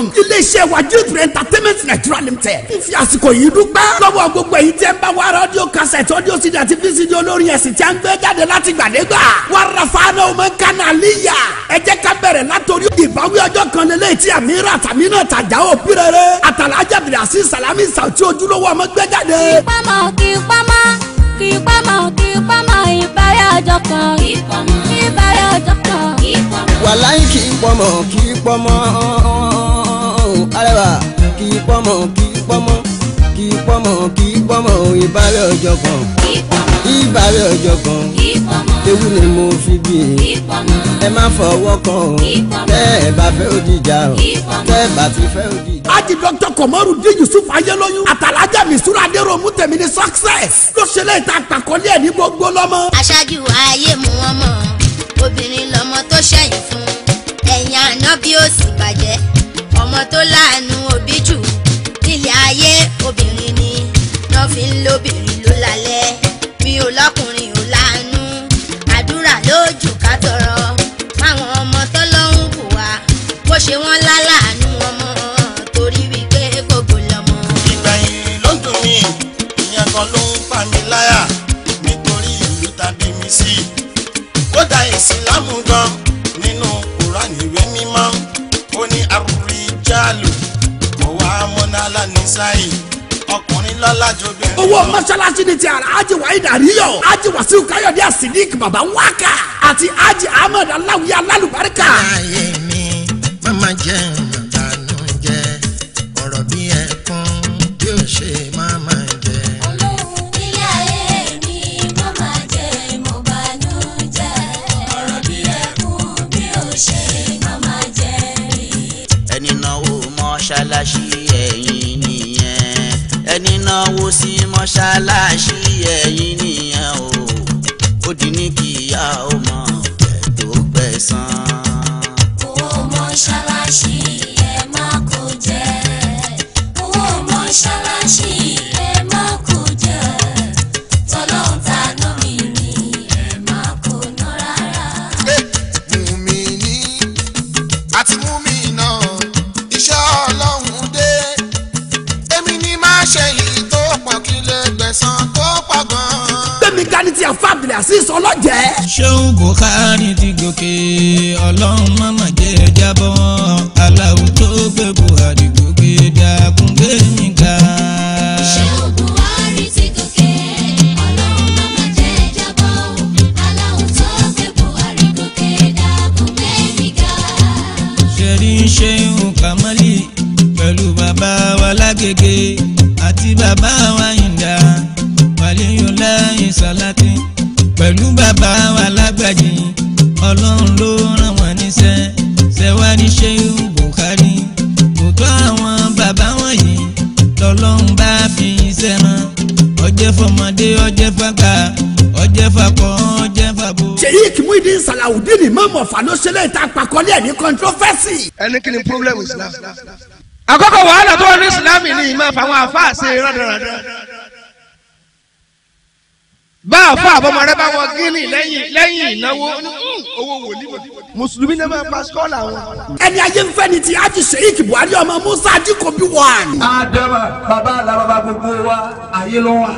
ọlọ́run iléeṣẹ́ wajib entertainment nigeria limited ń fi àsìkò yìí dúpẹ́ lọ́wọ́ gbogbo èyí tẹ́ ń bá wa rádíò kassette audio cd àti vcd olórin ẹ̀sìn tí a ń gbé jáde láti gbàdégbà wà rafana ọmọ kánà líyà ẹ jẹ́ ká bẹ̀rẹ̀ látòrí ìbáwí ọjọ́ kan lélẹ̀ tí àmì rà tàmí náà tàjà ò bí rere àtàlájà bìrà sí sàlámì sàùtì ojúlówó ọmọ gbé jáde. ìpamọ́ ìpamọ́ ìpamọ́ ìpamọ́ ìbára ọjọ́ kan ìbára ọjọ́ kan. wàláì kì í pọmọ kì í pọmọ arẹwà kì í pọ́mọ kì í pọ́mọ kì í pọ́mọ kì í pọ́mọ ìbárẹ̀ ọjọ́ kan ìbárẹ̀ ọjọ́ kan ewu ni mo fi bí i ẹ má fọwọ́ kan o tẹ́ ẹ bá fẹ́ òdìjà o tẹ́ ẹ bá ti fẹ́ òdìjà. láti dr kọmọrù di yusuf ayélóyún àtàlájà misura adéròmù tèmi ní success ló ṣe lè ta àpàkọ́lé ẹ̀ ní gbogbo lọ́mọ. aṣáájú ayé mu wọn mọ obìnrin lọmọ tó ṣẹ̀yìn fún ẹ̀yìn àná bí ó sì bàjẹ́ ọmọ tó láàánú òbí jù nílé ayé obìnrin ni lọ́ fi ń lóbìnrin ló lálẹ́ mi ò lọ́kùnrin ò láàánú àdúrà lójú ká tọrọ fáwọn ọmọ tó lọ́hùn bù wá bó ṣe wọ́n láláàánú ọmọ torí wípé gbogbo lọ́mọ. ìgbà yìí ló dùn mí ìyẹn kan ló ń pa mí láyà nítorí ìlú tàbí mi sí kódà ìsìlámù gan-an. sáyìn ọkùnrin lọ́la jọ bẹ́ẹ̀. owó mọ́ṣáláṣí ni ti alhaji waheed àríyọ̀ alhaji wasiu káyọ̀dé asidik baba wákà àti alhaji ahmed aláwíyá alálùbáríkà. ayé mi mama jẹun. náwó sí mọ́ṣáláṣí ẹ̀yìn nìyẹn o ó di ní kíyà ó mọ̀ ẹ̀ tó gbẹ̀san. owó mọ́ṣáláṣí ẹ má kó jẹ owó mọ́ṣáláṣí. azeez ọlọ́jẹ́. ṣéun Bùkárì ti gòkè ọlọ́run má jẹ́ jábọ́ aláwọ̀. ọ̀fà ló ṣe lẹ́yìn tá a pàkọ́lé ẹ̀ ní controversy. ẹni kí ni problem islam. àkọ́kọ́ wàhálà tó wà ní islam ni ìmọ̀ àfàwọn àfáà ṣe rádaràdà. bá àfáà àbọ̀mọ̀ rẹ bá wọ gíní lẹ́yìn lẹ́yìn ìnáwó owó wòlíwò. mùsùlùmí náà máa pa skọ́ọ̀lù àwọn. ẹni ayé ń fẹ́ ni ti ájì sheik buhari ọmọ musa adikobi wà. adama baba alábàbà gbogbo wa ayé ló wà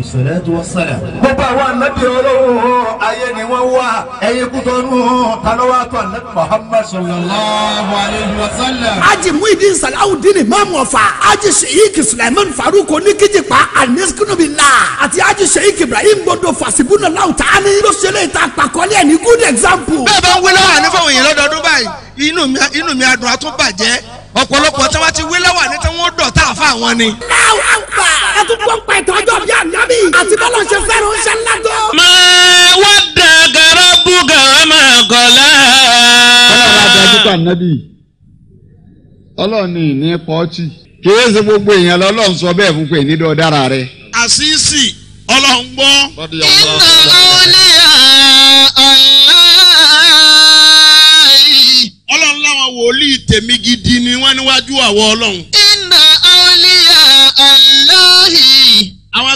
ìṣòlẹ́tù ọ̀sẹ̀lẹ̀. gbogbo àwọn ànábì ọlọ́wọ́ ayé ni wọ́n wá ẹ̀yin kútọ́ nù talọ́wọ́ àtọ́ ànábì Muhammad sallallahu alayhi wa sallam. aji muhidin salawudin imaamu ọ̀fà aji sheik sulaiman faruk oníkìjìpá aniskunubila àti aji sheik ibrahim gbodo fasibuna lautani ló ṣe lè ta àpàkọ́lé ni ní good example. bẹ́ẹ̀ bá ń wí láwọn ànífọ̀ òyìn lọ́dọọdún báyìí mi adùn àtúbàjẹ́ ọ̀pọ̀lọpọ̀ tí wọ́n ti wí láwọn ànífọ̀ wọn dọ̀ tá a fa àwọn ni. láwọn ànábì ọlọ́run ní ìní pọ́ọ́tì kìí ṣe gbogbo èèyàn lọ́lọ́run sọ bẹ́ẹ̀ fún pé ní dọ́dára rẹ. àṣìṣì ọlọ́run gbọ́. iná ọlẹ́ ọlọ́run láwọn wòlíì tèmi gidi ni wọ́n níwájú àwọ̀ ọlọ́run.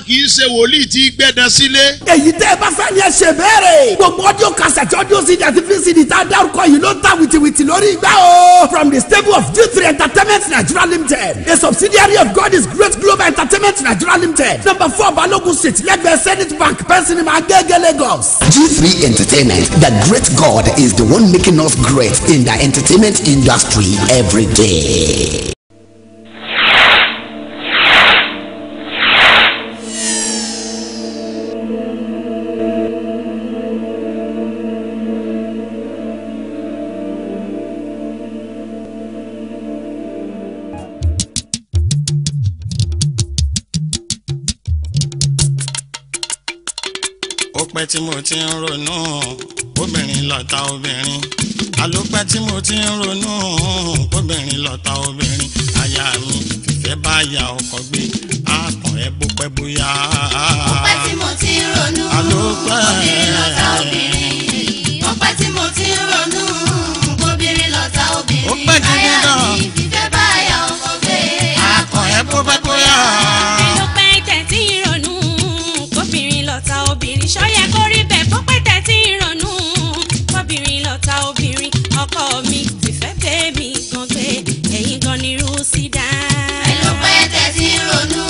kì í ṣe wòlíì tí gbẹ̀dán sílé. èyí tẹ́ ẹ bá fẹ́ ni ẹ ṣe bẹ́ẹ̀rẹ̀. gbogbo ọdún kasẹ̀tì ọdún sí àti fíìsìdì tá a dárúkọ yìí ló ń ta wìtìwìtì lórí ìgbà o. from the stable of G3 Entertainment Nigeria Limited a subsidiary of God is Great Global Entertainment Nigeria Limited number four Balogun street lẹ́gbẹ̀ẹ́ Senate Bank pẹ́sìnìmọ̀ Agége Lagos. G3 Entertainment the great God is the one making us great in the entertainment industry every day. ti ń ronú obìnrin lọ́ta obìnrin àlópẹ́ tí mo ti ń ronú obìnrin lọ́ta obìnrin àyà mi fìfẹ́ bá ya ọkọ̀ gbé àkàn ẹ bó pẹ́ bóyá. ọpẹ́ tí mo ti ń ronú obìnrin lọ́ta obìnrin ọpẹ́ tí mo ti ya ọkọ̀ gbé àkàn ẹ bó pẹ́ bóyá. ta obìnrin ọkọ mi tìfẹ́ bẹ́ẹ̀ mi gan pé ẹ̀yin gan ni irú sí dá. ẹ ló pẹ́ tẹ̀ sí ronú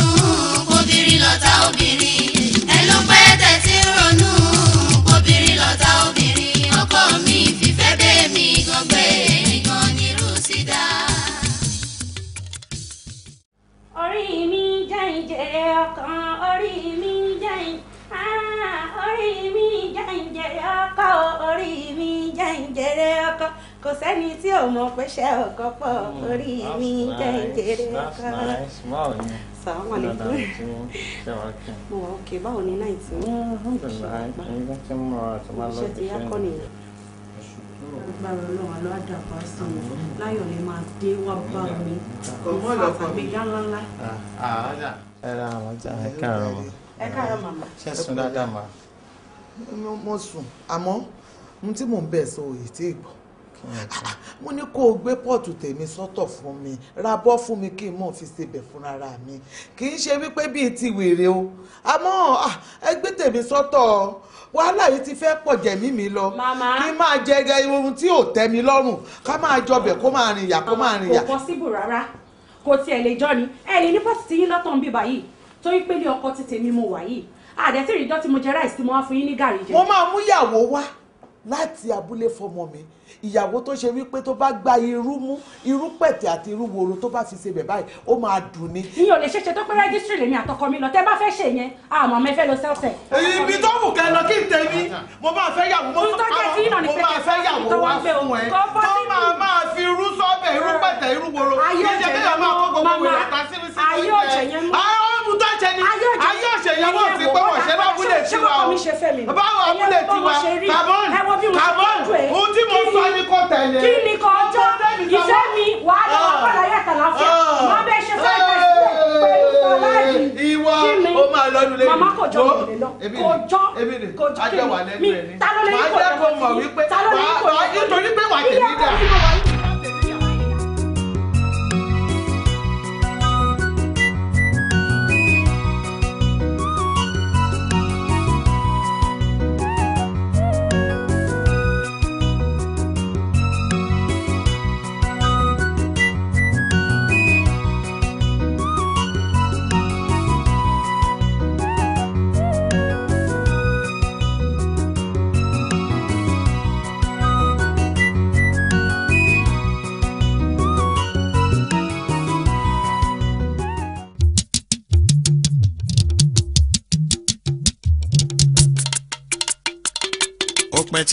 kóbìnrin lọ́ta obìnrin ẹ ló pẹ́ tẹ̀ sí ronú kóbìnrin lọ́ta obìnrin ọkọ mi fìfẹ́ bẹ́ẹ̀ mi gan pé ẹ̀yin gan ni irú sí dá. orí mi jẹ́ ìjẹ́ ọkàn orí mi jẹ́ ìjẹ́ ah, orí mi jẹ̀rẹ̀ ọkọ orí mi jẹ́ ìjẹ̀rẹ̀ ọkọ kò sẹ́ni tí ò mọ̀ pé ṣe ọkọ pọ̀ hmm, orí mi Ẹ káàárọ̀ mọ́. Ẹ káàárọ̀ màmá. dáadáa màá? mo sùn àmọ́ ohun tí mò ń bẹ̀ sọ òye tí ì gbọ́ mo ní kó o gbé pọ́ọ̀tù tèmi sọ́tọ̀ fún mi ra bọ́ fún mi kí n mọ̀ fi ṣebẹ̀ fúnra mi kì í ṣe wípé bíi ti wèrè o àmọ́ ẹ gbé tèmi sọ́tọ̀ wàhálà yìí ti fẹ́ pọ̀ jẹ̀mí mi lọ kí n máa jẹ ohun tí ò tẹ́ mi lọ́rùn ká máa jọbẹ̀ kó máa rìn yà kó máa rìn yà. kò pọ́síbù rárá kò tiẹ̀ lè jọ ni ẹ lè ní pọ́ọ̀tù tí yín lọ́tọ̀ ń bíbá yìí torí pé ní ọkọ ti tèmi mo wà yìí àdẹ́sẹ̀rì ìjọ tí mo jẹ ráìsì tí mo wá fún yín ní gàrí jẹ. mo máa mú ìyàwó wá láti abúlé fọmọ mi ìyàwó tó ṣe wípé tó bá gba irú mú irú pẹ̀tẹ̀ àti irú woro tó bá fi ṣe bẹ̀ báyìí ó máa dùn ni. mi ò lè ṣe ṣe tó pé rẹ́gísírì lèmi àtọkọ mi lọ tẹ́ bá fẹ́ ṣe yẹn àmọ́ mi fẹ́ lọ sẹ́ọ̀sẹ̀. ibi tó wù kẹ́ lọ kí n tẹ̀mí mo máa fẹ́ yàwó mo máa fẹ́ yàwó wá fún ẹ tó máa máa fi irú sọ́ọ̀bẹ̀ irú pẹ̀tẹ̀ irú woro kí n ṣe kéèyàn máa kó gbogbo ìrẹ̀ ta sínú sí ayé ọ̀ṣẹ̀yẹ wọ́n ti pé wọ́n ṣe lábúlé tiwa báwo abúlé tiwa carbon carbon ohun tí mo sọ kí ni kò tẹ̀lé kí ni kò jọ iṣẹ́ mi wàá lọ wà pàdé ayé àtàlàfíà ah. máa bẹ ṣe fẹ́ fẹ́ pẹ̀lú aláàjì kí ni màmá kò jọ kò jọ kò jọ kí ni mi ta ló lè ní kò jọ ta ló lè ní kò jọ kí ni kò jọ kí ni kò jọ.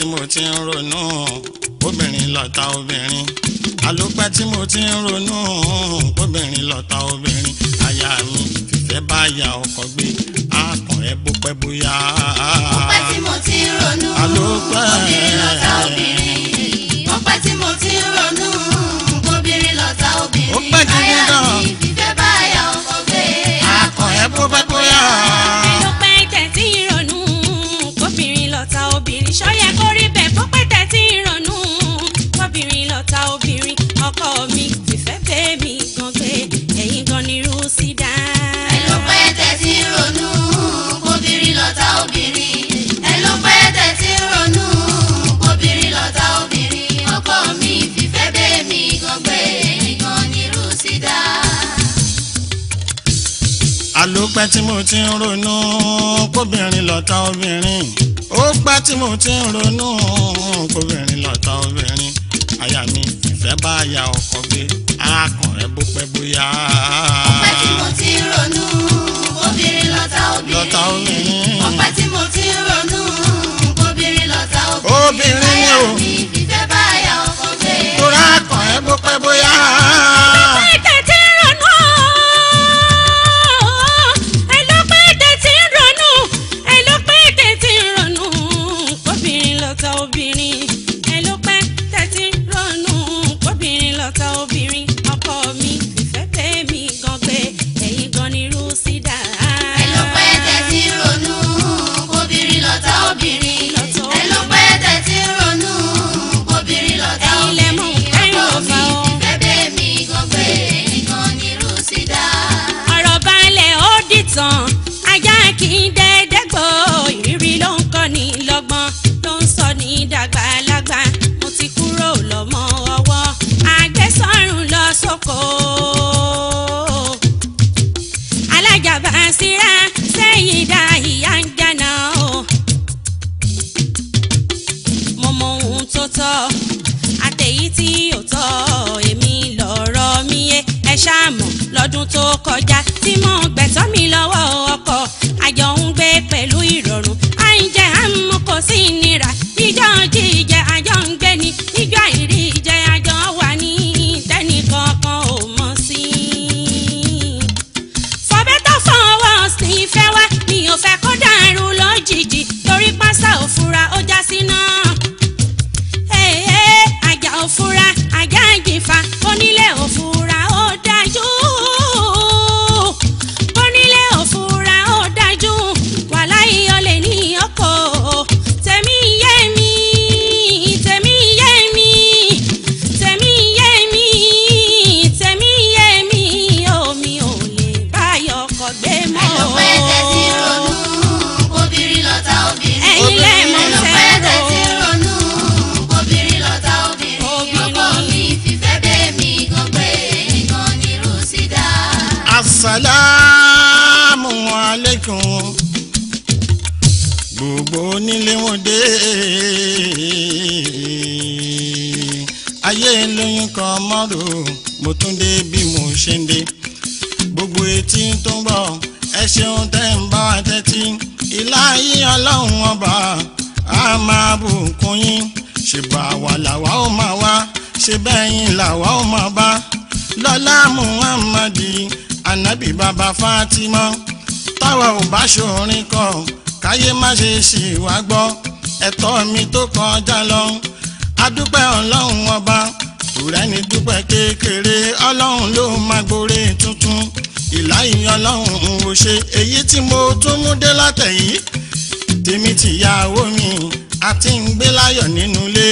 tí mo ti ń ronú obìnrin lọ̀tá obìnrin àlópẹ́ tí mo ti ń ronú obìnrin lọ̀tá obìnrin àyà mi fìfẹ́ bá ya ọkọ̀ gbé àkàn ẹ bó pẹ́ bóyá. ọpẹ́ tí mo ti ń ronú obìnrin lọ̀tá obìnrin ọpẹ́ tí mo ti àyà mi fìfẹ́ bá ya ọkọ̀ gbé àkàn ẹ bó pẹ́ bóyá. lọ́rọ̀ mi ìfẹ́ bẹ́ẹ̀ mi gan pé ẹ̀yin gan ni irú sí dá. ẹ ló pẹ́ mi ìfẹ́ mi gan pé ni irú sí dá. àlòpẹ́ tí mo ti ń ronú kóbìnrin lọ́tà obìnrin ó pẹ́ tí mo ti ń ronú kóbìnrin lọ́tà obìnrin àyà mi ìfẹ́ bá ya ọkọ gbé akọ̀rẹ́ bó pẹ́ bóyá. ọpẹ́ tí mo ti ronú obìnrin lọ́tà obìnrin ọpẹ́ tí mo ti ronú obìnrin lọ́tà obìnrin báyà mi ìfẹ́ bá ya ọkọ gbé. kóra akọ̀rẹ́ bó pẹ́ bóyá. báyìí ọlọ́run ò ṣe èyí tí mo tún mú dé látẹ̀yìn tèmi tìyàwó mi àti ń gbé láyọ̀ nínú ilé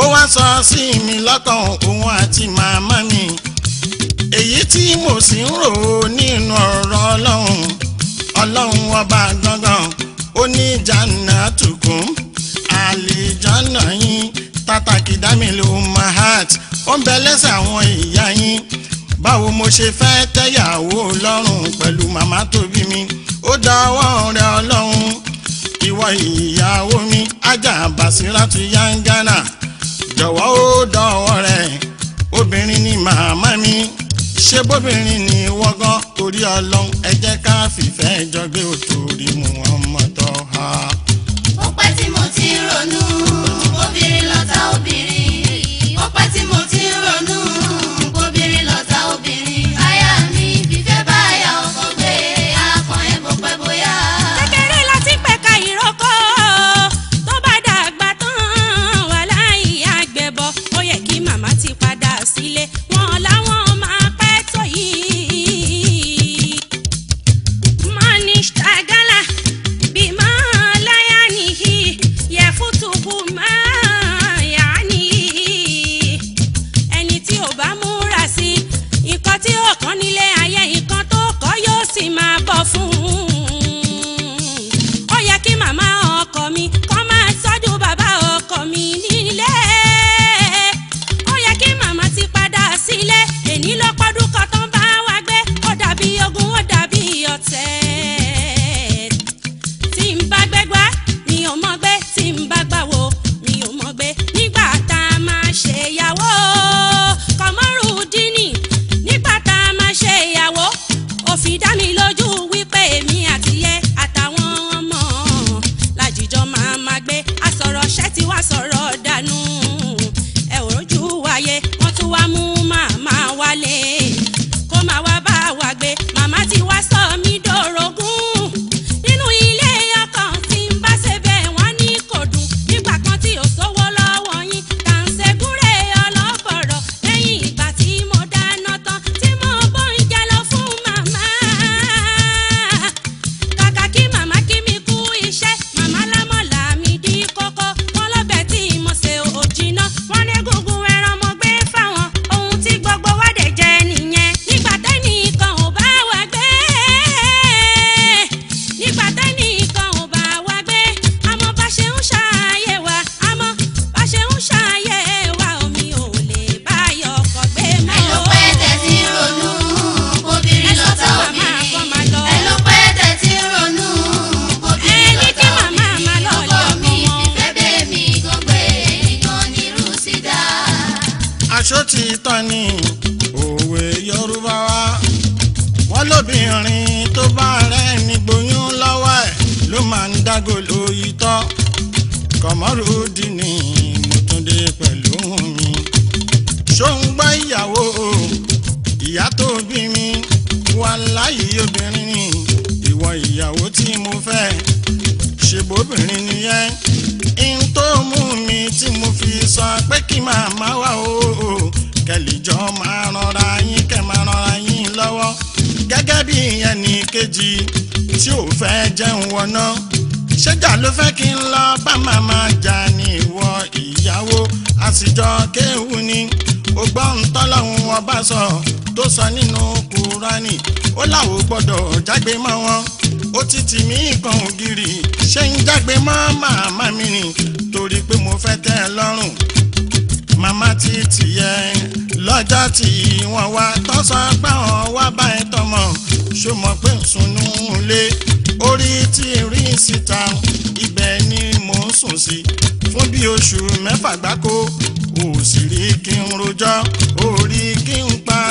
ó wá sọ sí mi lọ́kàn òun àti màmá mi èyí tí mo sì ń rò ó nínú ọ̀rọ̀ ọlọ́run ọlọ́run ọba gbọ̀ngàn ó ní jàǹnà tukùn àlìjọ́nà yín tàtàkì dámìlú mahat ó ń bẹ lẹ́sẹ̀ àwọn ìyá yín báwo mo ṣe fẹ́ tẹ́yàwó lọ́rùn pẹ̀lú màmá tó bí mi ó dáwọ́ rẹ ọlọ́run ìwọ ìyàwó mi ajá Basiratu Yangana jọ̀wọ́ ó dọ̀wọ́ rẹ obìnrin ni màmá mi ṣé bóbìnrin ni wọ́gán torí ọlọ́run ẹ jẹ́ ká fìfẹ́ jọ gbé òtòrí mu wọn mọ́tọ́ ha. ó pẹ́ tí mo ti ronú obìnrin lọ́tà obìnrin.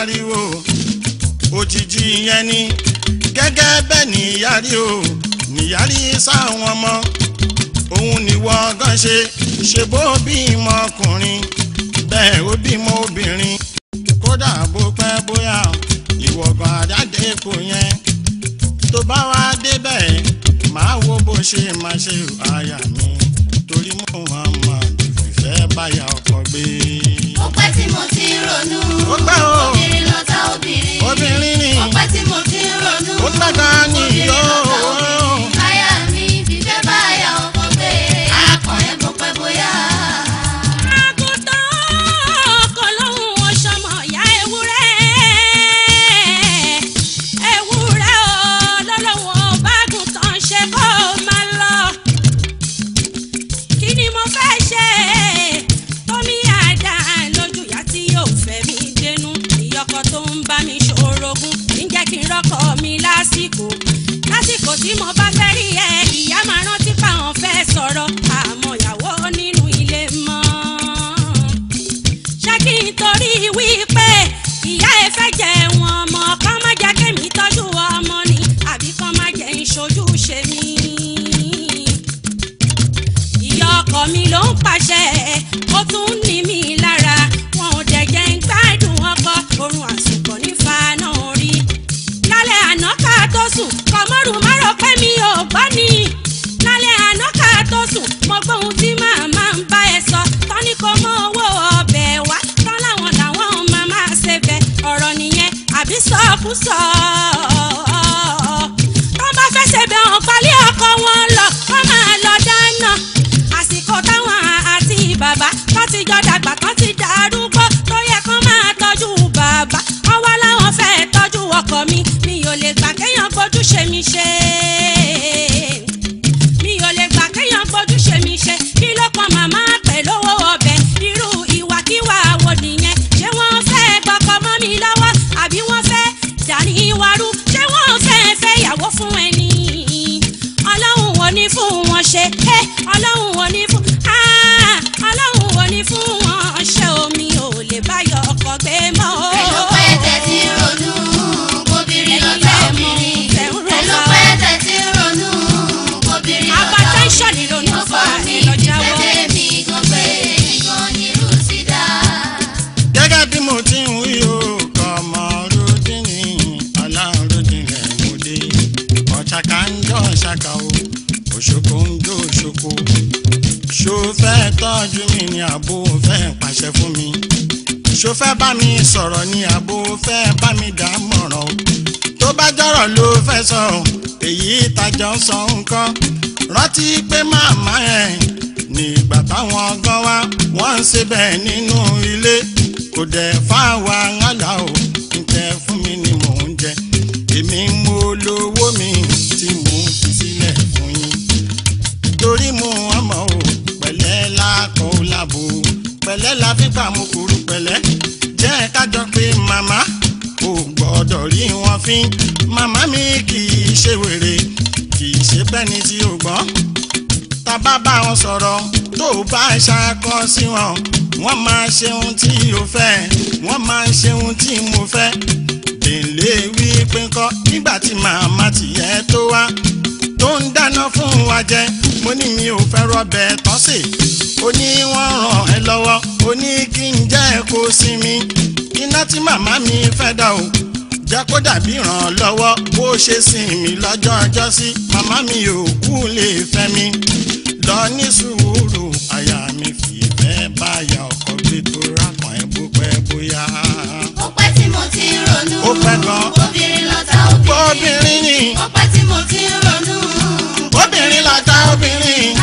pariwo òjijì yẹn ni gẹ́gẹ́ bẹ́ẹ̀ nìyárí o nìyárí sáwọn ọmọ òun nìwọ gan ṣe ṣe bó bímọ ọkùnrin bẹ́ẹ̀ ó bímọ obìnrin kódà bó pẹ́ bóyá ìwọ̀gàn àdáde kò yẹn tó bá wá débẹ̀ máa wo bó ṣe máa ṣe àyà mi torí mo máa máa fẹ́ báyà ọkọ̀ gbé ó pẹ́ tí mo ti ronú obìnrin lọ́tà obìnrin obìnrin ni ó pẹ́ tí mo ti ronú obìnrin lọ́tà obìnrin. tún ní mi lára wọn ò dẹ̀ jẹ́ ń gbádùn ọkọ oorun àsùnkọ̀ mi ò gbọ́ ni. lálẹ́ àná ká tó sùn mo gbóhun tí màmá ń bá ẹ sọ tán ní kò mọ ọkọ mi mi ò lè gbà kéèyàn fojúṣe mi ṣe mi ò lè gbà kéèyàn fojúṣe mi ṣe kí ló kan màmá pẹ̀lú owó ọbẹ̀ irú ìwàkiwà wo nìyẹn ṣé wọ́n fẹ́ gbọ́kọ mọ́ mi lọ́wọ́ àbí wọ́n fẹ́ dàní ìwárú ṣé wọ́n fẹ́ fẹ́ ìyàwó fún ẹni ọlọ́run ò ní fún wọn ṣe ọlọ́run ò ní fún wọn ṣe. tọ́jú mi ni àbò fẹ́ pàṣẹ fún mi ṣó fẹ́ bá mi sọ̀rọ̀ ni àbò fẹ́ bá mi dá mọ̀ràn tó bá jọ̀rọ̀ ló fẹ́ sọ èyí tajọ sọ nǹkan rántí pé màmá ẹ̀ nígbà táwọn ọgán wá wọ́n ń ṣe nínú ilé kò dẹ̀ fáwa ńlá o ń fún mi ni mò ń jẹ èmi ń mú olówó mi tí mò ń fi sílẹ̀ fún yín torí mò ń pẹ̀lẹ́ la fi pa mo kúrú pẹ̀lẹ́ jẹ́ kájọ pé màmá ò gbọ́dọ̀ rí wọn fín màmá mi kì í ṣe wèrè kì í ṣe pẹ́ni tí ò gbọ́ ta bá bá wọn sọ̀rọ̀ tó bá ṣàkọ sí wọn wọ́n máa ṣe ohun tí o fẹ́ wọ́n máa ṣe ohun tí mo fẹ́ délé wí pé kọ́ nígbà tí màmá tìyẹ́ tó wá tó ń dáná fún wa jẹ mo ní mi ò fẹ́ rọbẹ̀ tọ́sì ó ní wọ́n ràn ẹ́ lọ́wọ́ ó ní kí n jẹ́ kó sinmi iná tí màmá mi fẹ́ dà o jẹ́ kó dàbí ràn lọ́wọ́ bó ṣe sin mi lọ́jọ́ ọjọ́ sí màmá mi ò kú lè fẹ́ mi lọ ní sùúrù àyà mi fìfẹ́ báyà ọkọ̀ gbé tó rákàn ẹ̀ bó pẹ́ bóyá. ó pẹ́ tí mo ti ronú obìnrin lọ́tà obìnrin ó pẹ́ tí mo ti ronú bàtà obìnrin.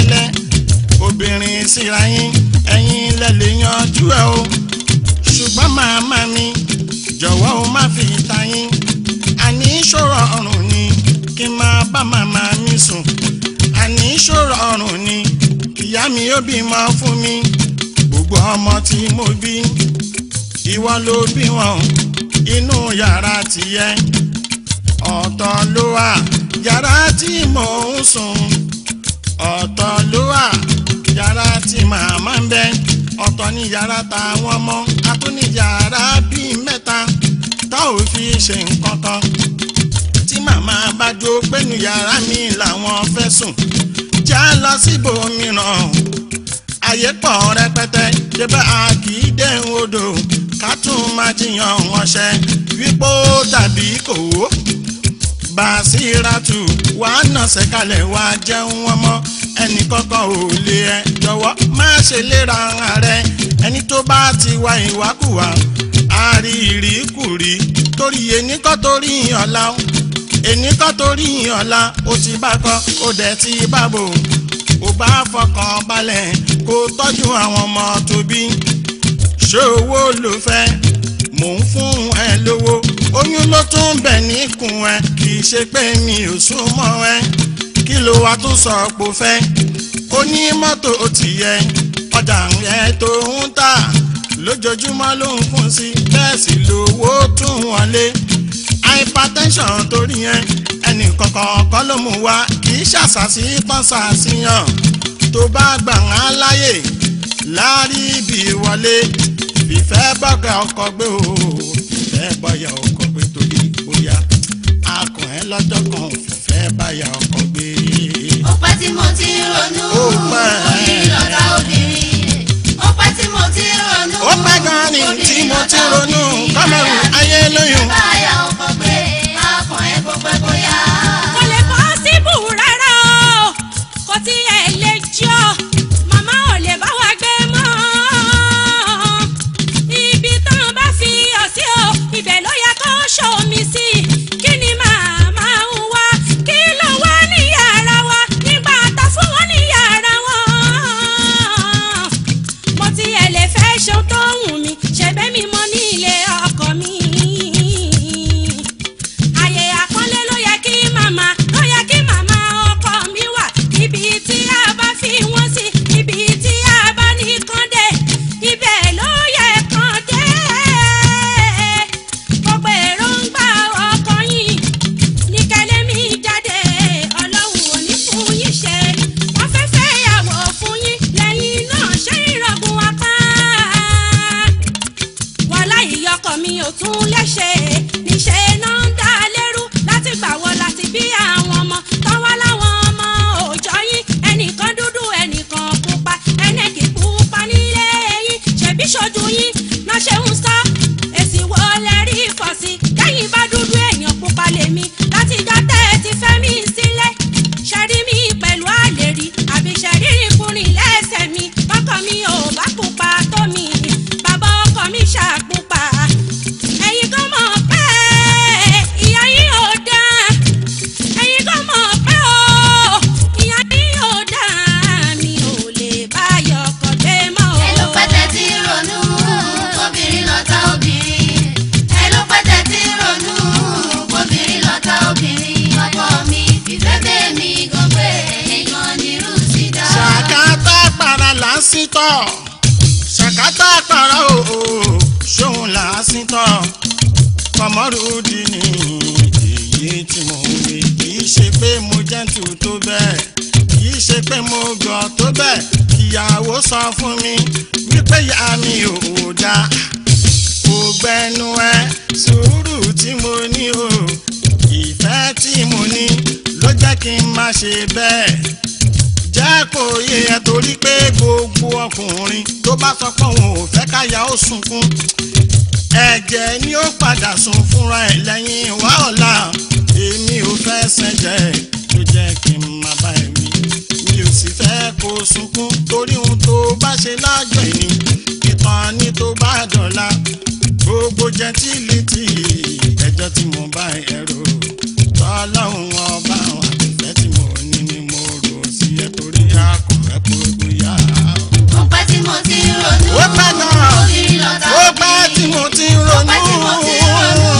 fẹ́lẹ́ obìnrin síra yín ẹ̀yin lẹ́lẹ̀ yanjú ẹ̀ o ṣùgbọ́n màmá mi jọ̀wọ́ o má fi ta yín àní ìṣòro ọ̀run ni kí n máa bá màmá mi sùn àní ìṣòro ọ̀run ni ìyá mi ó bímọ fún mi gbogbo ọmọ tí mo bí ìwọ ló bí wọn inú yàrá tìyẹ ọ̀tọ̀ ló wà yàrá tí mò ń sùn ọ̀tọ̀ ló wà yàrá tí màmá ń bẹ ọ̀tọ̀ ní yàrá táwọn ọmọ a tún ní yàrá bíi mẹ́ta tá ò fi ṣe nǹkan kan tí màmá bá jó pẹ́nu yàrá mi làwọn fẹ́ sùn já lọ síbòmíràn àyè pọ̀ rẹpẹtẹ jẹ́bẹ́ a odò ká tún máa jiyàn ọṣẹ wípé ó dàbí kòwó. Basiratu wàá nà sẹ́kálẹ̀ wàá jẹun ọmọ ẹnì kankan ò lè ẹ jọ̀wọ́ má ṣe lera ara rẹ ẹni tó bá ti wá ìwákùwà àárí ìríkùrí torí ẹni kọ́ torí ọ̀la ẹni kọ́ torí ọ̀la ó ti bá kọ́ ó dẹ̀ ti bá bò ó bá fọkàn balẹ̀ kó tọ́jú àwọn ọmọ tóbi ṣé owó ló fẹ́ mò ń fún ẹ lówó oyún ló tún bẹ̀ níkùn ẹ kì í ṣe pé mi ò sún mọ́ ẹ kí ló wá tún sọ pò fẹ́ ó ní mọ́tò tìyẹ ọjà ẹ tó ń tà lójoojúmọ́ ló ń kún sí bẹ́ẹ̀ sì lówó tún wọlé hypertension torí yẹn ẹnì kọ̀ọ̀kan kọ́ ló mú wa kì í ṣàṣàṣì tán ṣàṣìyàn tó bá gbà ń láyè láàrí ibi wọlé ìfẹ́ bọ́gà ọkọ gbé o ìfẹ́ bọ́yà ọkọ gbé torí bóyá akọ̀ ẹ́ lọ́jọ́ kan òfìfẹ́ báyà ọkọ gbé. ó pẹ́ tí mo ti ronú orí lọ́dà obìnrin ó pẹ́ tí mo ti ronú ó pẹ́ gan-an ni tí mo ti ronú kọ́mọ̀rún ayé lóyún. jẹ́ kó yé ẹ torí pé gbogbo ọkùnrin tó bá sọ pé òun ò fẹ́ káyà ó sunkún ẹ̀jẹ̀ ni ó padà sun fúnra ẹ̀ lẹ́yìn wá ọ̀la èmi ò fẹ́ sẹ́jẹ̀ ló jẹ́ kí n máa bá ẹ̀ mi ò sì fẹ́ kó sunkún torí ohun tó bá ṣe lájọ ìní ìtàn ni tó bá dọ̀la gbogbo jẹ́ ẹjọ́ tí mo bá ẹ̀ tọ́lá òun mo ti ronú. ó pẹ́ gan-an ó pẹ́ tí mo ti ronú.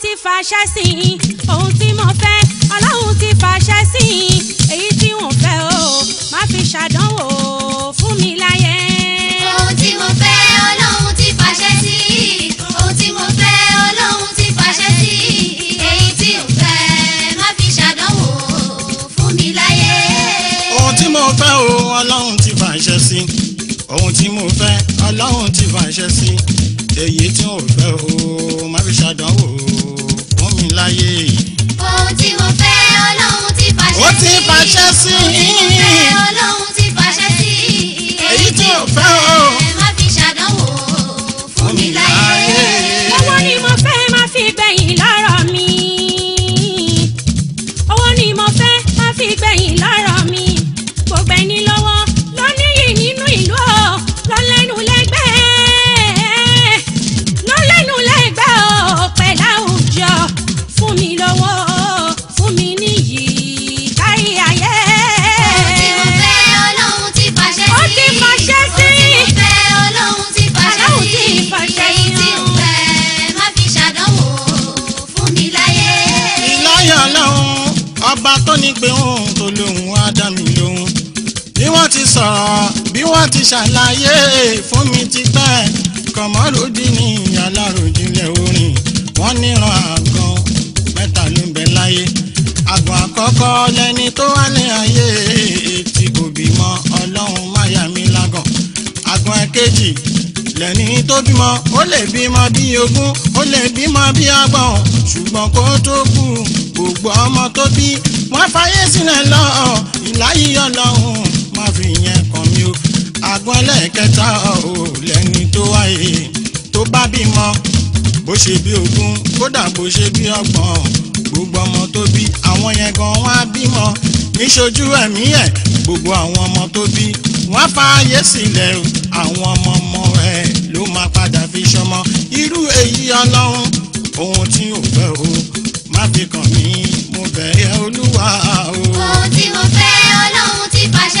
ti fàṣẹ sí i ohun tí mo fẹ́ ọlọ́run ti fàṣẹ sí i èyí tí wọ́n fẹ́ o má fi ṣàdánwò fún mi láyé. ohun tí mo fẹ́ ọlọ́run ti fàṣẹ sí i ohun tí mo fẹ́ ọlọ́run ti fàṣẹ sí i èyí tí ò fẹ́ má fi ṣàdánwò fún mi láyé. ohun tí mo fẹ́ o ọlọ́run ti fàṣẹ sí ohun tí mo fẹ́ ọlọ́run ti fàṣẹ sí èyí tí ò fẹ́ o má fi ṣàdánwò. ṣe sí ti ṣàlàyé fún mi ti pẹ́ Kọmọrúdínì aláròjinlẹ̀ orin wọ́n níran àgàn mẹ́ta ló ń bẹ láyé àgàn àkọ́kọ́ lẹni tó wà ní ayé tí kò bímọ ọlọ́run máyà mi lágàn àgàn ẹ̀kejì lẹni tó bímọ ó lè bímọ bí ogún ó lè bímọ bí agbọ̀n ṣùgbọ́n kó tó kú gbogbo ọmọ tó bí wọ́n fàyè sílẹ̀ lọ́ọ̀ ìláyé ọlọ́run má fi yẹn kàn mí o àgọ́ ẹlẹ́ẹ̀kẹta ò lẹ́ni tó wáyé tó bá bímọ bó ṣe bí ogún kódà bó ṣe bí ọgbọ̀n gbogbo ọmọ tó bí àwọn yẹn gan wá bímọ níṣojú ẹ̀mí ẹ̀ gbogbo àwọn ọmọ tó bí wọ́n fààyè sílẹ̀ àwọn ọmọ ọmọ ẹ̀ ló máa padà fi ṣọmọ irú èyí ọlọ́run ohun tí ò fẹ́ o má fi kàn mí mo bẹ̀ ẹ́ olúwa o. ohun tí mo fẹ́ ọlọ́run ti pàṣẹ.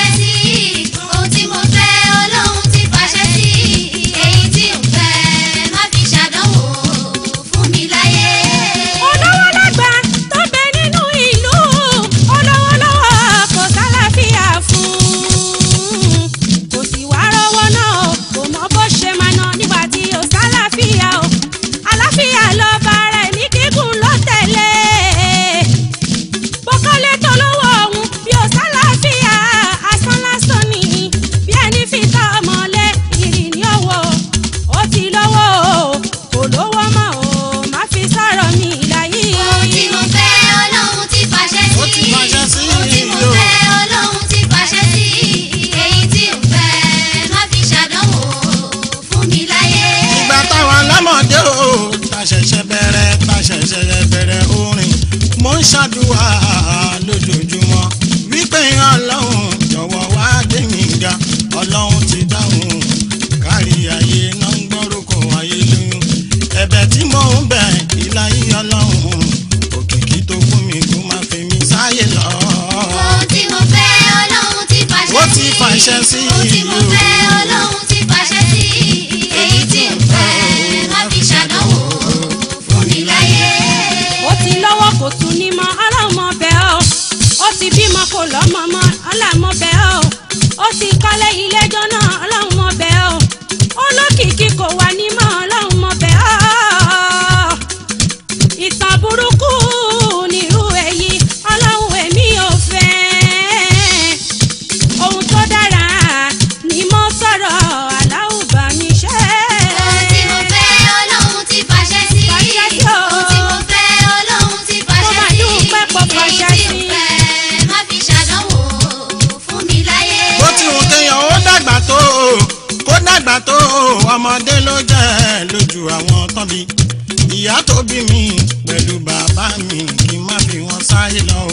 ìyá tó bí mi pẹ̀lú bàbá mi kí n má fi wọn sáyé lọ o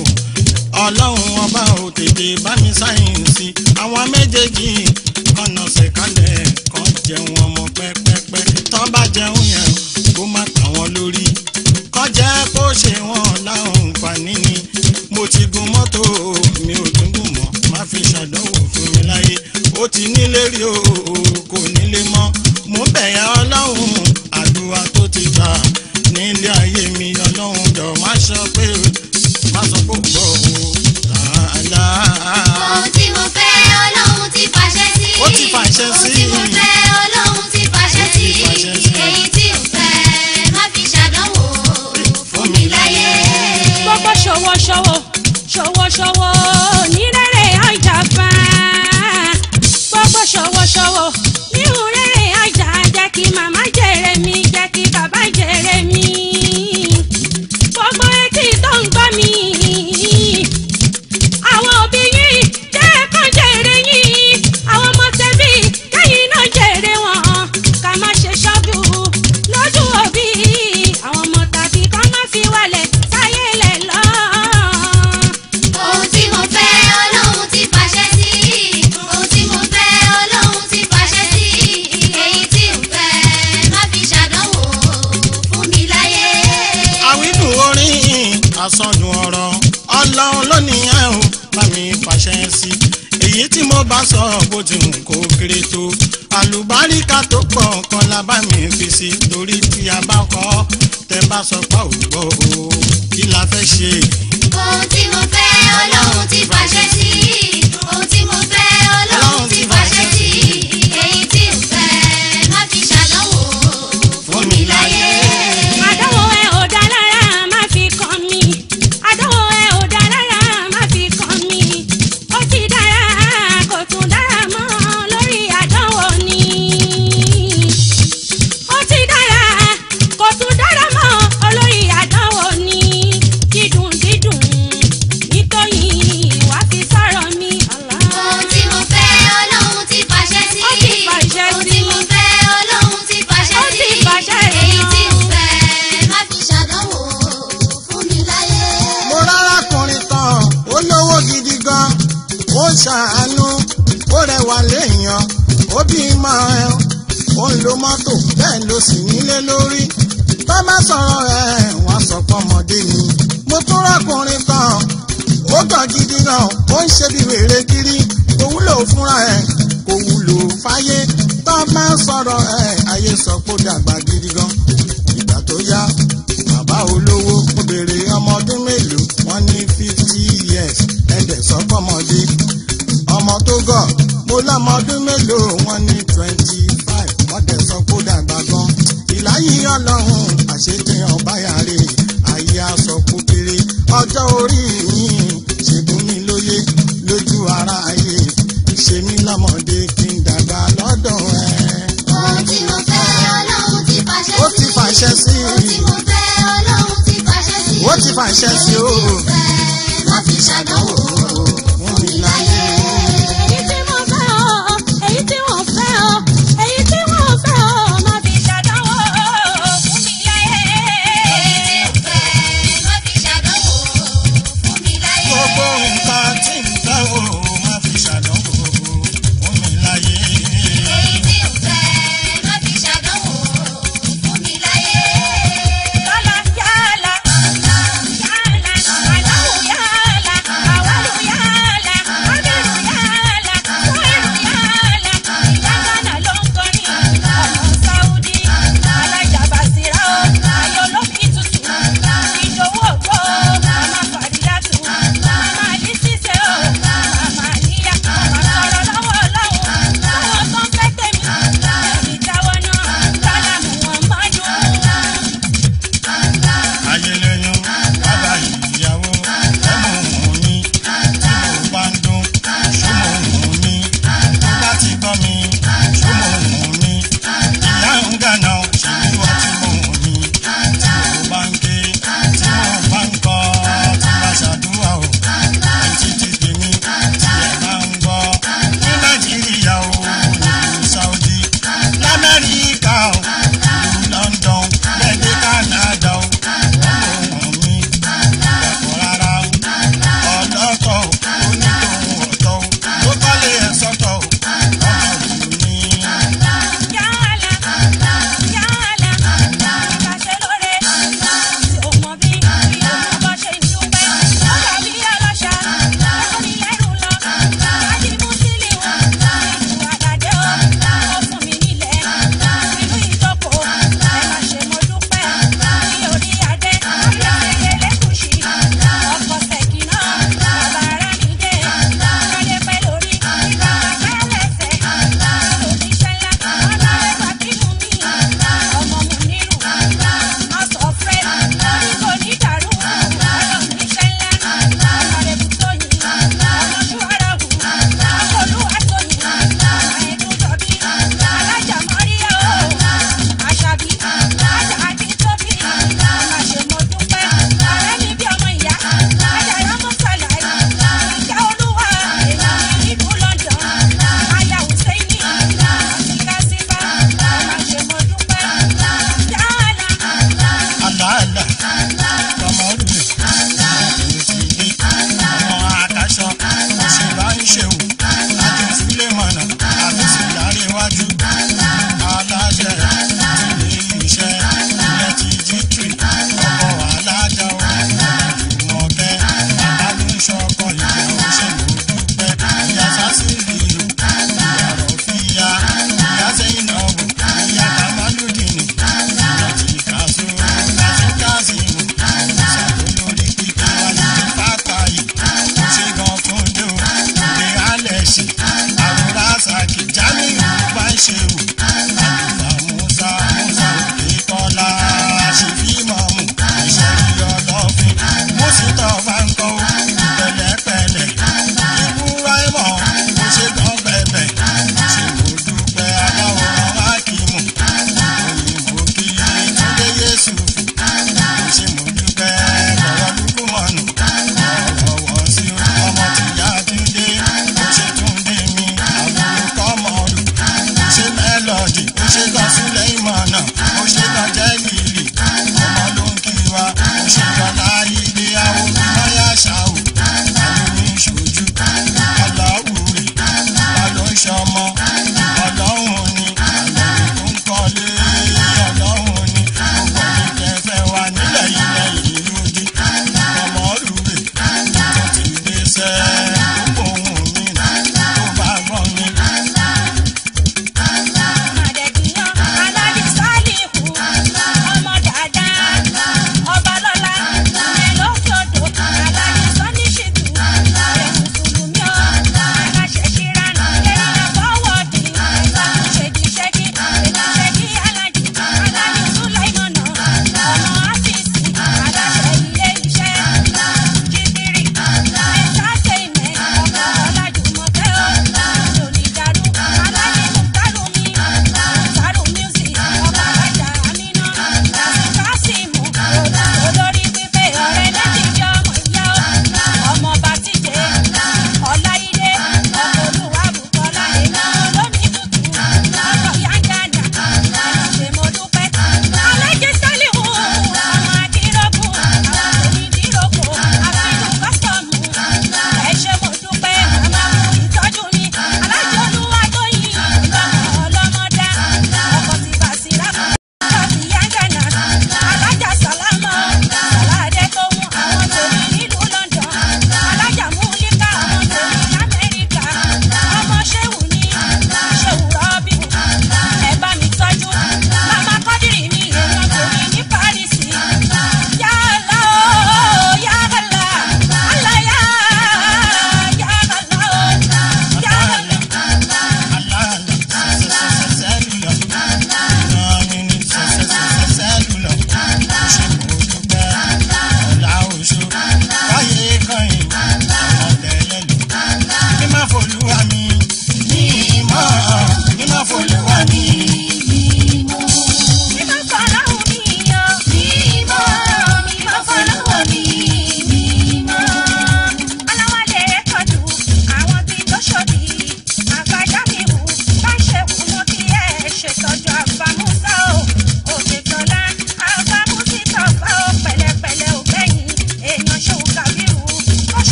ọlọ́run ọba ò tètè bá mi sáyẹ̀nsì àwọn méjèèjì kọ́nà ṣèkálẹ̀ kan jẹun ọmọ pẹ́pẹ́pẹ́ tó bá jẹun yẹn kó má pa wọn lórí kọjá kó ṣe wọn láwọn nǹkanì ni mo ti gun mọ́tò mi ò tún gùn mọ́ má fi ṣàdánwò fún mi láyé ó ti nílé rí o kò nílé mọ́ mo bẹ̀yà ọlọ́run àdúrà tó ti gbà.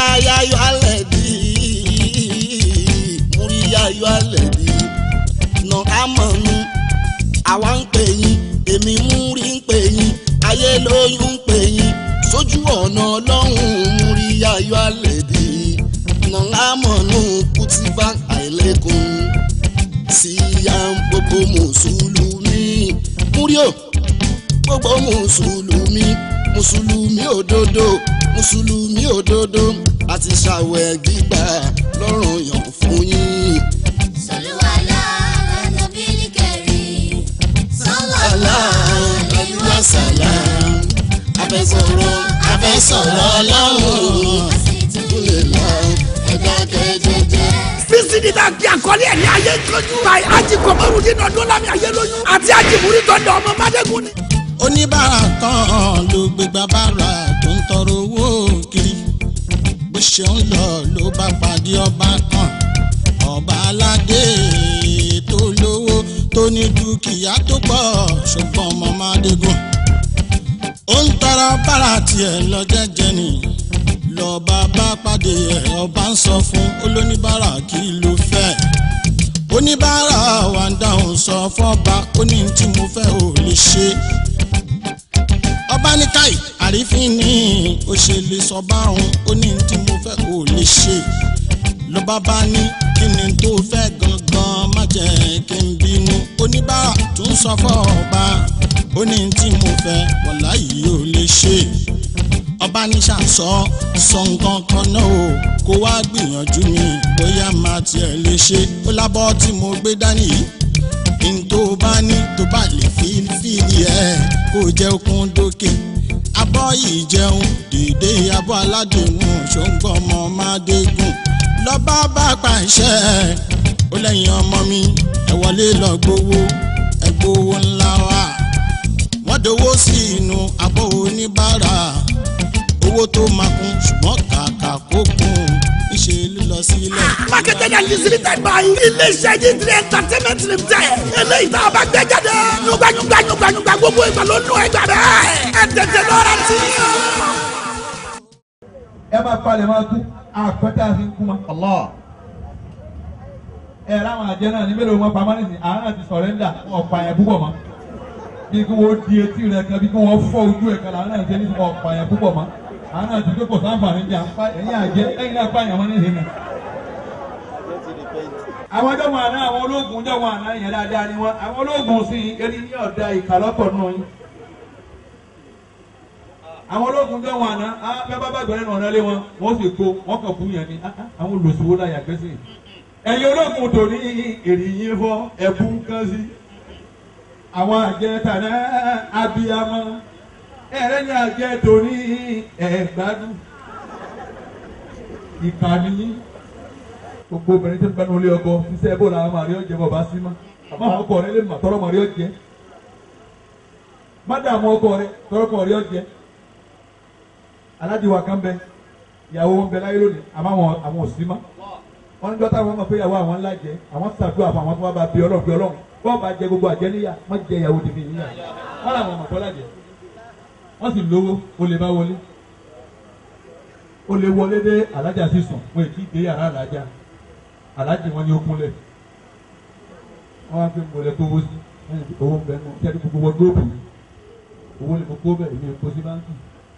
múríyá yọ alẹ̀ bí múríyá yọ alẹ̀ bí nà á mọ̀ nu àwa ń pè yín èmi múrí ń pè yín ayé lóyún ń pè yín sójú ọ̀nà ọlọ́run múríyá yọ alẹ̀ bí nà á mọ̀ nu kùtìfà àìlẹ́kùn sí ya gbogbo mùsùlùmí múrí o gbogbo mùsùlùmí mùsùlùmí òdodo mùsùlùmí òdodo àti ṣàwẹ̀ gbígbà lọ́rùn yàn fún yín. sọlúwàlá anábìlì kẹrì sọlọ́lá àlẹ́wà sàlá abẹ́sọ̀rọ̀ abẹ́sọ̀rọ̀ ọlọ́run àṣetúlẹ̀ lọ ẹ̀dá kẹjẹjẹ sísìdì tá a kí àkọlé ayé tójú. báyìí ají kọ̀mọ́rù dín mi ayé lóyún. àti ají burítọ̀ ní ọmọ mádégún ni oníbàárà kan ló gbégbá bàrà tó ń tọrọ owó kiri bó ṣe ń lọ ló bá pàdé ọba kan ọba aládé tó lówó tó ní dúkìá tó pọ̀ ṣùgbọ́n ọmọ ó ń tọrọ bàrà tiẹ̀ lọ jẹ́jẹ́ ni lọ́ba bá pàdé ẹ̀ ọba ń sọ fún olóníbàárà kí ló fẹ́ oníbàárà wa ń dáhùn sọ fọ́ba ó ní tí mo fẹ́ ò lè ṣe ọba ní káì àrífín ní òṣèlè sọba òun ó ní tí mo fẹ́ kó lè ṣe ló bá bá ní kí ni tó fẹ́ gangan má jẹ́ kí n bínú oníbàárà tó ń sọ fọ́ ọba ó ní tí mo fẹ́ wọ̀lá yìí ó lè ṣe ọba ní ṣàṣọ sọ nǹkan kan náà o kó wá gbìyànjú mi bóyá má tiẹ̀ lè ṣe ó lábọ́ tí mo gbé dání yìí n tó bá ní tó bá lè fi fìdí ẹ kó jẹ́ okun dókè abọ́ ìjẹun dìde abọ́ aládùnmù ṣòǹgbọ́n ọmọ mádégùn lọ́ba bá pàṣẹ ó lẹ́yìn ọmọ mi ẹ wọlé lọ gbowó ẹ gbowó ńlá wa wọ́n dowó sí inú abọ́ oníbàárà owó tó máa ṣùgbọ́n kàkà kó kún sílẹ̀. marketed and distributed by iléeṣẹ́ jíjìrì entertainment limited. eléyìí tá a bá gbé jáde. nyugbanyugba nyugbanyugba gbogbo ìgbà ló nù ẹgbà rẹ̀. ẹ tètè lọ́ra tí. ẹ máa palẹ̀ máa kú àkọ́tà sí kuma. ẹ láwọn àjẹ náà ní mélòó wọn pamọ́ nísìnyí àwọn àti sọ̀rẹ́ńdà ọ̀pá ẹ̀ púpọ̀ mọ́ bí kí wọ́n di etí rẹ̀ kan bí kí wọ́n fọ́ ojú ẹ̀ kan làwọn àjẹ nísìnyí ọ̀pá ẹ̀ púpọ̀ mọ́. àwọn àti pé kò sáǹfààní bí apá ẹ̀yìn àjẹ ẹ̀yìn wọn níhìn àwọn ọjọ́ wọn àná àwọn ológun ọjọ́ wọn àná yẹn dáadáa ni wọn àwọn ológun si eré ní ọ̀dà ìkàlọ́pọ̀ nù àwọn ológun ọjọ́ wọn àná bẹ́ẹ̀ bá bá gbẹ̀rẹ̀ ọ̀nà wọn wọ́n sì kó wọ́n kàn fún ni àwọn olùsòwò láyà ẹ̀yin ológun tò ní kan àwọn àjẹ E àjẹdò ní ẹ̀gbádùn ìkànnì gbogbo obìnrin tó ń gbanú ilé ọkọ iṣẹ́ bó la màrí ọ̀jẹ̀ bọ̀ bá sí ma àmọ́ àwọn ọkọ rẹ lè mà tọ́rọ màrí ọ̀jẹ̀ má ọkọ rẹ tọ́rọ kọ̀ rí ọ̀jẹ̀ kan bẹ ìyàwó ń bẹ láyé lónìí àwọn ma wọ́n ń dọ́ta àwọn pé ìyàwó àwọn ńlá jẹ àwọn ṣàdúrà fún àwọn tó wá bá bí ọlọ́run bí ọlọ́run bọ́ọ̀ bá jẹ gbogbo àjẹ níyà jẹ ìyàwó níyà wọ́n sì lówó o lè bá wọlé o lè wọlé dé alájà sísùn wọn èkì dé yàrá alájà alájì wọn ni ó kúnlẹ̀ wọ́n wá fi mọ̀lẹ́ kó owó sí owó bẹ́ẹ̀ mọ́ kí ẹni gbogbo wọn dóòbù owó lè mọ kó bẹ́ẹ̀ èmi kó sí báńkì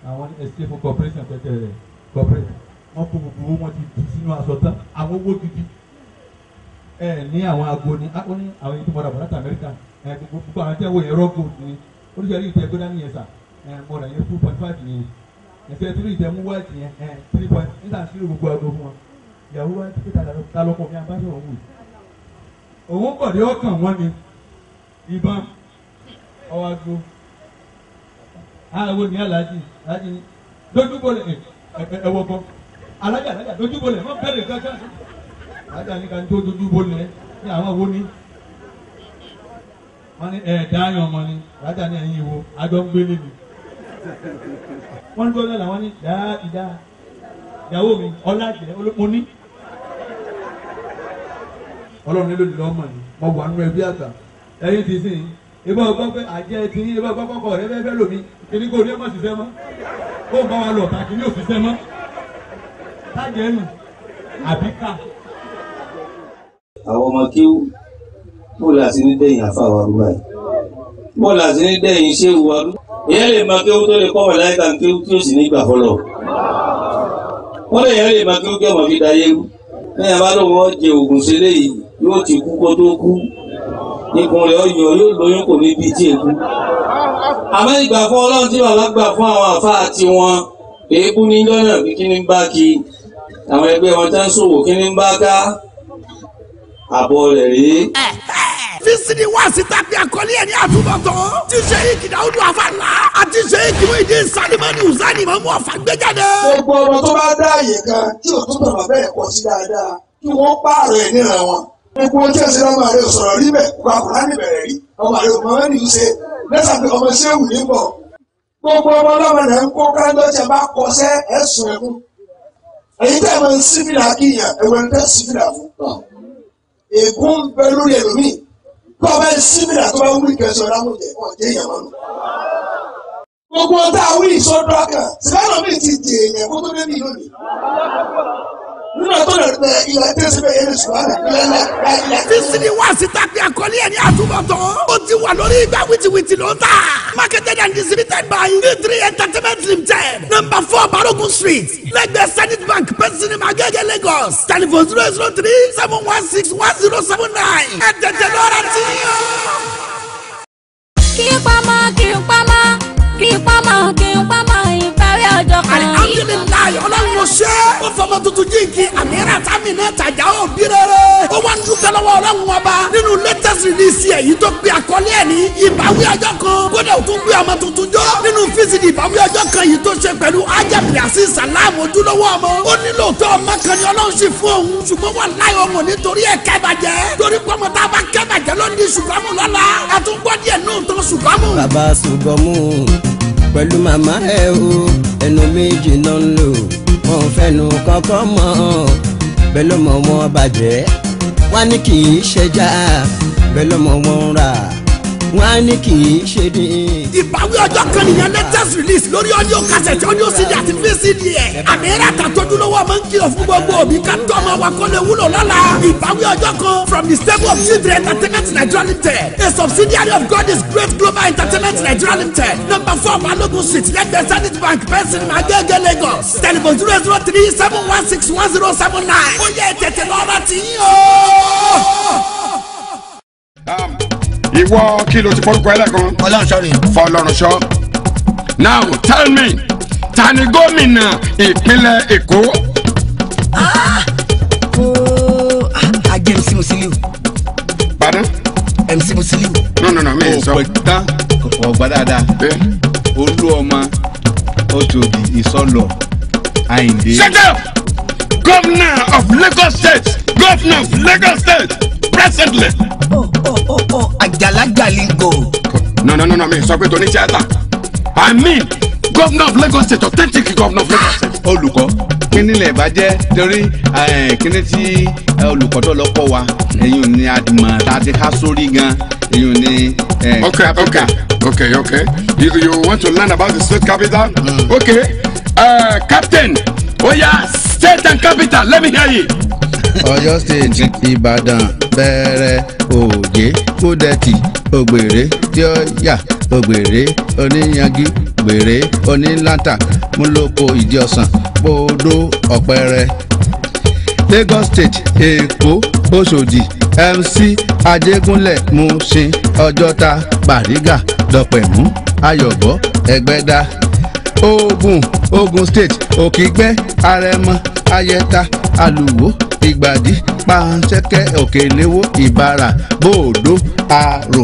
àwọn estate for corporation tẹ̀tẹ̀ rẹ̀ corporation wọ́n kó gbogbo owó wọn ti di sínú aṣọ tán àwọn owó gidi ẹ ní àwọn aago ní àwọn ìtumọ̀ràn bọ̀dá tàmẹ́ríkà ẹ gbogbo àwọn tẹ́wọ̀ yẹn rọ́gò ní oníṣẹ́ yìí tẹ́ gbé dání yẹn sà mo rà yẹn two point five yẹn ẹsẹ̀ three tẹ̀ mú wáìtì yẹn three point níta sílò gbogbo aago fún wọn ìyàwó wáìtì pé ta lọkọ mi abájọ òun wò òun kọ̀ dé ọkàn wọn ni ìbọn ọwọ́ aago àwọn ní aláàjì aláàjì dojúbọlẹ̀ ẹwọ bọ alájà alájà dojúbọlẹ̀ wọn bẹ̀rẹ̀ gángan alájà ní ká tó dojúbọlẹ̀ ní àwọn wo ni wọn ní ẹ dáhùn ọmọ ni alájà ní ẹ̀yìn wo àjọ ń gbélé ni wọ́n ní gbọ́dọ̀ làwọn ní dáa ìdá ìyàwó mi ọlájẹ mo ní. ọlọ́run nílò nílò ọmọ ni mo wà nínú ẹbí àtà ẹyin ti sìn ibà ọgbọ́n pé àjẹ ti yín ibà ọgbọ́n kọ̀ọ̀kọ̀ rẹ fẹ́ẹ́ fẹ́ lòmí kìnnì kò ní ẹ̀ mọ̀ ṣiṣẹ́ mọ́ kó o bá wa lọ tàkì ní òṣìṣẹ́ mọ́ tájẹ́ nù àbí ká. àwọn ọmọ kíw bó la sí ní dẹ́yìn àfa àwa rúbáyì bó la sí ní dẹ́yìn ṣé wàá rú ìyẹn lè máa kéwú tó lè kọ́ wà láyé kan kéwú tó sì nígbà fọlọ wọ́n lè yẹn lè máa kéwú kí ọmọ fi da yéwu ẹ̀yà bá lóun wọ́n jẹ òògùn sílẹ̀ yìí yóò ti kú kó tó kú ikùn rẹ̀ ọyọ yóò lóyún kò ní bí tí èkú àmọ́ ìgbà fún ọlọ́run tí bàbá gbà fún àwọn àfáà tí wọn èébú ní lọ́nà bí kí ní bá kí àwọn ẹgbẹ́ wọn tá ń ṣòwò kí ní bá ká àbọ̀ rẹ̀ rèé fíìsìdì wá síta pé àkọlé ẹni àtúbọ̀tán ti ṣe ìkì dáúdù àfàlà àti ṣe ìkì mú ìdí sálímánì hùsáìnì mọ́mú ọ̀fà gbéjáde. gbogbo ọmọ tó bá dá àyè kan kí òtún bàbá bẹ́ẹ̀ pọ̀ sí dáadáa kí wọ́n pààrọ̀ ẹ̀ níra wọn. gbogbo ohun tí ẹ ṣe lọ́mọ rẹ sọ̀rọ̀ rí bẹ̀ kó àkùrá níbẹ̀rẹ̀ rí ọmọ rẹ òmọ mẹ́rin ń ṣe lẹ́sà pé ọmọ ṣé wù ní bọ̀. gbogbo ọmọ ọlọ́mọ rẹ ń kó kájọ́ tẹ bá kọsẹ́ ẹ̀sùn ẹ̀kún. èyí tẹ́ ẹ̀mọ sífìlà kíyàn ẹ̀wọ̀n tẹ́ sífìlà fún. ègún bẹ lórí ẹlòmíì bá bá símìlà tó bá wí kẹsàn-án láwọn jẹ wọn jẹ èèyàn lọ́nà. gbogbo tá wí ìsọdọ́ kan sílẹ̀ mi ti jẹ èèyàn kó tó débi lónìí nínú àtọ́nà rẹ̀ ilẹ̀ tẹ́sílẹ̀ yẹn ní sùwárẹ̀ lẹ́lẹ̀ lẹ́lẹ̀. sísìn ni wá síta pé àkọlé ẹ̀ ní àtúbọ̀tán. ó ti wà lórí ìgbà wìtìwìtì ló ń tà. marketed and distributed by three Entertainment Limited number four Barogun Street lẹ́gbẹ̀ẹ́ Zenith Bank pẹ̀sìnì magẹ́gẹ́ Lagos telephone zero zero three seven one six one zero seven nine. ẹ tètè lọ́ra tí yàn. kí n pa máa kí n pa máa kí n pa kí n pa máa ìparí ọjọ́ kan. àlè mo ṣe. ó fọmọ tuntun jíǹkì àmì rẹ̀ tàmí náà tàjà ó bí rere. ó wá ń dúpẹ́ lọ́wọ́ ọlọ́run ọba nínú latest release èyí tó gbé àkọlé ẹ̀ ní ìbáwí ọjọ́ kan kódà ó tún gbé ọmọ tuntun jọ nínú fisidi ìbáwí ọjọ́ kan yìí tó ṣe pẹ̀lú ajabili àti salam ojúlówó ọmọ ó nílò tó ọmọ kan ní ọlọ́run sì fún òun ṣùgbọ́n wà láì ọmọ nítorí ẹ̀ kẹ́bàjẹ́ torí pọ́mọ tá a bá kẹ́bàjẹ́ ló ń di ṣùgbọ́n mu lọ́la a tún gbọ́ díẹ̀ náà tán ṣùgbọ́n mu. bàbá ṣùgbọ́n mu pẹ̀lú o ẹnu méjì náà ń lò wọn fẹnu kankan mọ́ bẹ́ẹ̀ lọ́mọ wọn bàjẹ́ wá ní kì í ṣẹjà bẹ́ẹ̀ lọ́mọ wọn rà wọ́n á ní kì í ṣe dé. ìbáwí ọjọ́ kan nìyẹn latest release lórí audio cassette audio CD àti VCD ẹ̀. àmì ẹ̀rọ àtàtọ́jú lọ́wọ́ máa ń kìlọ̀ fún gbogbo òbí ká tọ́ ọmọ wa kó lè wúlò lọ́la. ìbáwí ọjọ́ kan from the stable of children entertainment Nigeria limited a subsidiary of God is great global entertainment Nigeria limited number four Balogun street lẹ́gbẹ̀ẹ́ zenith bank person magege Lagos telephone zero zero three seven one six one zero seven nine. ó yẹ tètè lọ́ra tí yín o. Um, ìwọ kí ló ti forúkọ ẹlẹ́kan. ọlọ́run sọ fọlọ́run sọ. now tell me ta ni gómìnà ìpínlẹ̀ èkó. ooo ah! ajé MC Musili. pardon. MC Musili. no no no mi ì sọ. ọ̀pẹ̀tà ọ̀gbà dáadáa olú ọmọ ọtòbí ìsọlọ àyìndé. shut up governor of Lagos State governor of Lagos State presently. Oh ó ó àjàlá jàlingò. no no no no mi sọ pé tóní tíátà i mean governor of Lagos state authentic governor of Lagos state. olùkọ́ kíní lè bàjẹ́ torí eh, kíní tí eh, olùkọ́ tó lọ kọ́ wa èyí ni àdìmọ̀ tá a ti há sórí gan èyí eh, ni. okay okay okay okay you, you want to learn about the state capital. Mm. okay uh, captain oya oh yeah, state and capital let me hear you. Ọ̀yọ́ stéètì Ìbàdàn bẹ̀rẹ̀ òye kúdẹ̀tì ògbèrè tí ó yà ògbèrè oníyanjú gbèrè onílàtà múlòkó ìdí ọ̀sán gbòòdó ọ̀pẹ̀rẹ̀. Lagos State Èkó Òṣòdì MC Ajégúnlẹ̀ Mùṣin Ọjọ́ta Bàrígà Dọ̀pẹ̀mú Ayọ̀bọ Ẹ̀gbẹ́dá Ògùn Ogun State Òkìgbẹ́ Arẹmọ Ayẹta Aluwo ìgbàdí pàǹtẹ́kẹ́ òkèléwó ìbàrà bòòdó àrò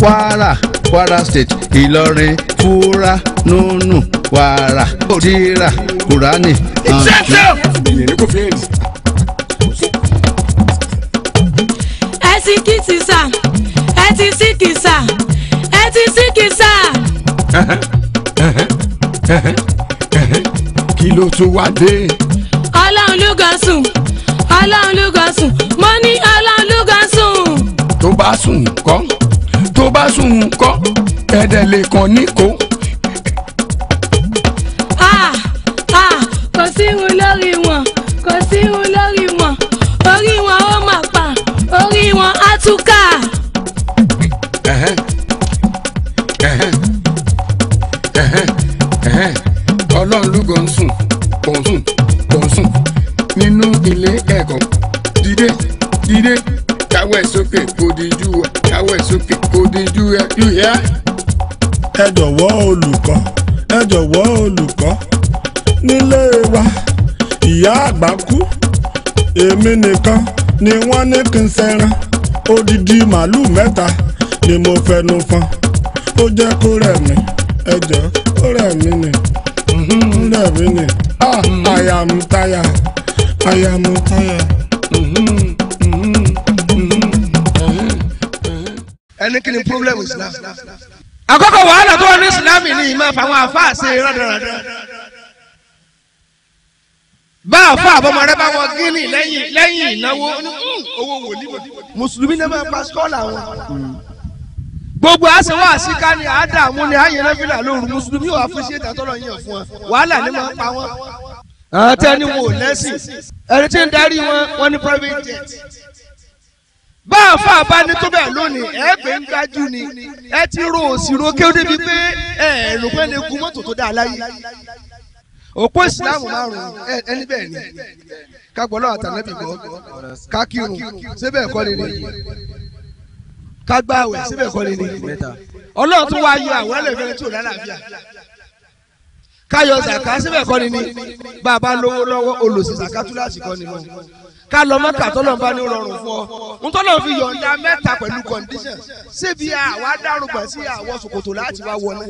kwara kwara state ìlọrin fúra nùnù wàrà òdìrà kùránì. ẹ ti kí ti sà ẹ ti sí kì sà ẹ ti sí kì sà. kí ló tún wá dé sùn ọlọ́run ló kàn sùn mo ní ọlọ́run ló kàn sùn. tó bá sùn kọ́ tó bá sùn kọ́ ẹ̀dẹ̀ lè kàn ní kó. kò sí irun lórí wọn kò sí irun lórí wọn orí wọn ó mà pa orí wọn á túká. mi nìkan ni wọ́n ní kí n ṣẹran odidi màálùú mẹ́ta ni mo fẹnu fọn ó jẹ́ kó rẹ̀ mí ẹjọ́ ó rẹ̀ mí nì rẹ̀ mí nì àyàmùtáyà àyàmùtáyà. ẹni kí ni problem Islam. àkọ́kọ́ wàhálà tó wà ní Islam ni ìmọ̀ fáwọn afáàṣe rọ̀dọ̀rọ̀dọ̀. bá a fọ àbọ̀mọ̀ rẹ bá wọn gíní lẹ́yìn lẹ́yìn ìnáwó hmm, owó wòlíì mùsùlùmí náà máa pa skọ́ọ̀lù àwọn. gbogbo àṣewọ́ àṣìká ni àádàmú ni àyẹ̀lẹ́ fìlà lóru mùsùlùmí wà fún ṣé ìdátọ́lọ̀ yẹn fún ọ wàhálà ni máa pa wọn. àwọn tẹ́ni wo lẹ́sìn ẹni tí ń darí wọn wọn ní private jet. bá a fọ àbá ní tó bẹ́ẹ̀ lónìí ẹ ń gbájú ni ẹ ti ro òsì ro kéwòn débi pé ẹ̀ẹ́dùn òpó ìsìláàmù márùn-ún ẹni bẹ́ẹ̀ ni kagbọ́n náà àtàlẹ́bí gbọ́ kakirun síbẹ̀ kọ́ lele kagbáwẹ̀ síbẹ̀ ni lele ọlọ́run tún wá yọ àwọn ẹlẹ́fẹ̀ẹ́ tí ò lálàáfíà káyọ zaka síbẹ̀ kọ́ ni ni bàbá lówó lọ́wọ́ olùsí zaka tún láti kọ́ ni lọ. ká lọ mọ́tà tọ́lọ̀ bá ní rọrùn fún ọ ntọ́lọ̀ fi yọ̀ǹda mẹ́ta pẹ̀lú condition síbi àwa dárúgbà sí àwọ̀ ṣòkòtò láti wá wọlé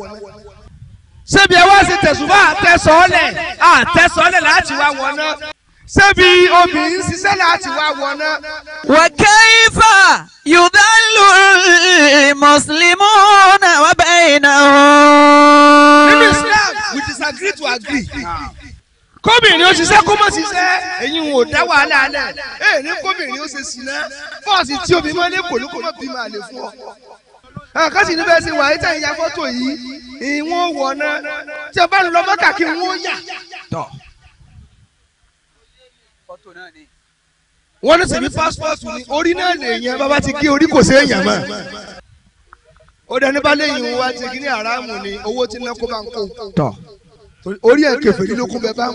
ṣebí ẹ wá sí tẹ̀sùfà àtẹ̀sọ́ọ́lẹ̀ àtẹ̀sọ́ọ́lẹ̀ láti wá wọná ṣebí obìnrin ṣiṣẹ́ láti wá wọná. wàkẹ́yìfà yùdálù mùsùlùmù náà wà bẹ́ẹ̀ náà. nínú Islam we disagree to agree. kóbìnrin ó ṣiṣẹ́ kó mọ̀ ṣiṣẹ́ ẹ̀yin ò dá wàhálà alẹ́ ẹ̀ ní kóbìnrin ó ṣe ṣìnà fọ́ọ̀sì tí obìnrin máa ń lé kòlókòló bí máa lè fún ọ àwọn ah, kan sì ní bẹ́ẹ̀ sí wà á tẹ̀yìn ya fọ́tò yìí ìwọ̀n wọ̀ náà tí a bá ń lọ mọ́kà kí wọ́n yà. tọ́ wọ́n ní sèmi pásítọ̀tù ni orí náà lèèyàn bàbá ti gé orí kò séèyàn mọ́. ó dání bá léyìn wa ti gíní àràmù ni owó tí ná kó bá ń kó. tọ́ orí ẹ̀ kẹfẹ́ lílókun bẹ́ẹ̀ bá ń.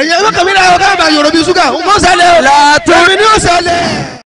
ẹ̀yin ẹ̀fọ́ kàmí náà ọ̀gá àgbà yorùbá ṣúgà ń kọ́ sẹ́lẹ̀ o èmi ni ó sẹ́lẹ̀.